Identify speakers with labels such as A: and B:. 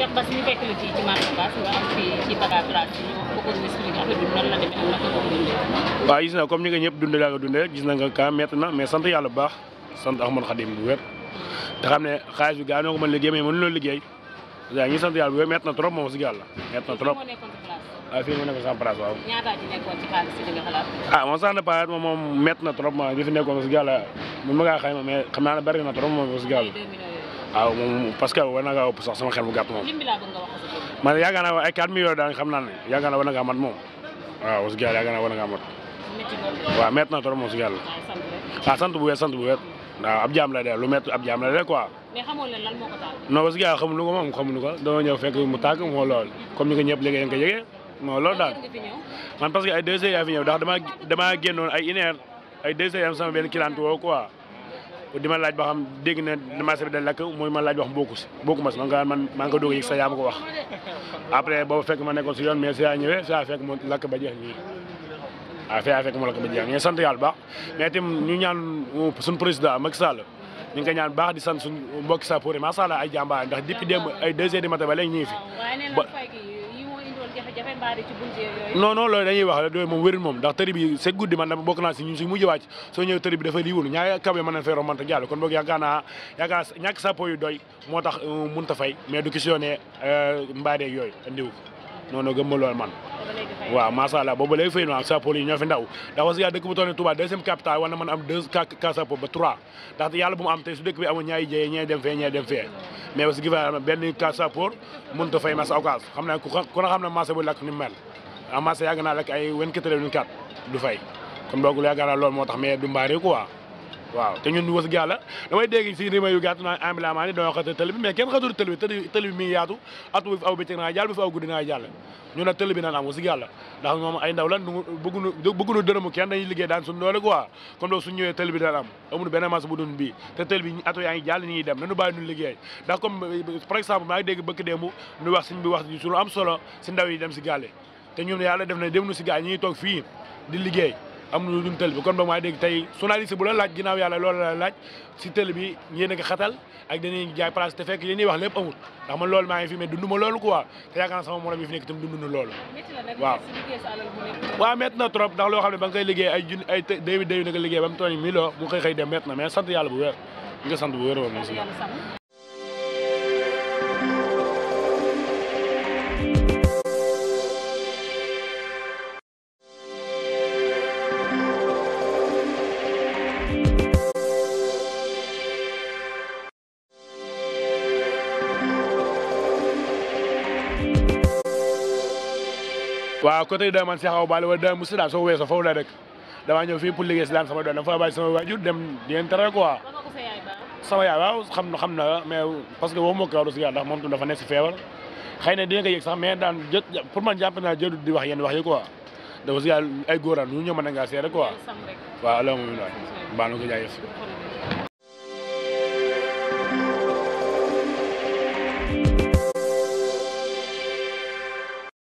A: Cheikh Bass ñu fekk la ci ci marché Bass nga am fii ñëpp dundee laa ko dundee gis na nga kaa na mais sant yàlla bu baax sant Ahmad Khadim bu wér te xam ne xaalis bi gaa noo ko mën liggéey mais mënuloo liggéey waaw ñu sant yàlla bu wér métti na trop moom si yàlla métti na trop. waaw fii mu nekk sama place si li nga xalaat. ah moom sax na pareet moom moom na trop moom fi nekkoon si yàlla mën ma kaa xayma xam naa ne bari si yàlla waaw ah, parce que war na ngaa ëpp sama xel bu gàtt moom. man yaakaar naa ay 4 millions daal xam naa ne yaakaar naa war na ngaa mat moom waaw ah, wax dëgg na ngaa mat. waaw métti na trop moom yàlla. ah sant bu wér sant bu we waaw ab jaam la de lu métti ab jaam la de quoi. mais xamoo leen lan moo ko taal. non nu ko moom xamuñu ko dama ñëw fekk mu tàgg moo lool comme ñëpp léegi nga ko yëgee moo loolu daal. man parce que ay deux heures yaa fi ñëw damaa damaa génnoon ay une heure ay deux heures sama benn client woo quoi di ma laaj ba xam dégg na marché bi da lakk muy ma laaj wax bokku si bokku ma si man nga man maa ngi ko doog a yëg sa yaa ma ko wax après boobu fekk ma nekkoon si yoon mais saa ñëwee saa fekk mu lakk ba jeex ñii waaw fekk mu lakk ba jeex ñii sant yàlla baax mais itam ñu ñaan euh, suñu président Macky Sall ñu ngi koy ñaan baax di sant suñu mbokki sa yi ma allah ay jàmbaar ndax depuis démb ay deux heures du matin ba léegi ñu ngi fi jafe-jafe mbaa ci buntu yooyu. non non loolu dañuy wax loolu moom wérul moom ndax tëri bi c'est guddi man dama bokk naa si ñun suñ mujj wàcc soo ñëwee tëri bi dafa lii wul ñaari kaw yi mën nañ fee doy moo tax euh, mënut a fay mais du questionné euh, mbaadeeg yooyu andiwu non non gëmma loolu man waaw maasàllaa boobu lay fay noonu sapol yi ñoo fi ndaw ndax parce que dëkk bu toll nii Touba deuxième capital war na am deux cas sapol ba trois ndax yàlla bu mu am tey su dëkk bi amoon ñaari jëyee ñee dem fee ñee dem fee mais aussi gouvernement benn kaasapor mënut a fay masse aw kaas xam naa ku ko xam ne masse bu lakk ni mu mel ah masse yàgg naa lakk ay wen quatre vingt quatre du fay kon boog yaakaar naa loolu moo tax mais du mbaari quoi. waaw te ñun wax dëgg yàlla damay dégg si rima yu gàtt naa ambilamaa ni dañoo xata tëli bi mais kenn xatul tëli bi tëli bi mi yaatu atu bi fi aw bëccëg naa jàll bi fi aw guddi naa jàll ñun nag tëli ndaw lan nu bëggunu bëggunu dërëmu kenn dañuy liggéey daan suñu doole quoi comme loolu suñ ñëwee tëli bi bii te tëli bi atu yaa ngi jàll ñi ngi dem nañu bàyyi ñu liggéey ndax comme par exemple maa ngi dégg bëkk démb ñu wax suñ bi wax suñu am solo si ndaw yi dem si gàlle te ñun yàlla def na dem nu si gaal ñi ngi toog fii di liggéey amu lu dul bi kon ba maa dégg tey journaliste bu la laaj ginnaaw yàlla loolu la laaj si télé bi yéen xatal ak dañuy jaay place te fekk li ñuy wax lépp amul ndax ma lool maa ngi fi mais dund ma loolu quoi te yaakaar naa sama morom yi fi nekk itam dund na loolu waaw na trop ndax loo xam ne ba nga koy liggéey ay jun ay déwi déwi na nga liggéey ba mu tooñ mi loo bu xëy xëy dem métti na mais sant yàlla bu wér ñu ngi sant bu wér woon waaw côté Darou man si xaw baale wala Darou Mousty daal soo weesoo foofu la rek damaa ñëw fii pour liggéey si daan sama doon dafa bàyyi sama waajur dem di leen tere quoi. sama yaay waaw xam na xam na mais parce que waxuma ko kaw si yaay ndax moom tam dafa nekk si feebar xëy na dina ko yëg sax mais daan jë pour man jàpp naa jëru di wax yenn wax yi quoi dafa si yaay ay góoraan ñu ñëw mën a ngaa seere quoi waaw alhamdulilah baal na ko jaayee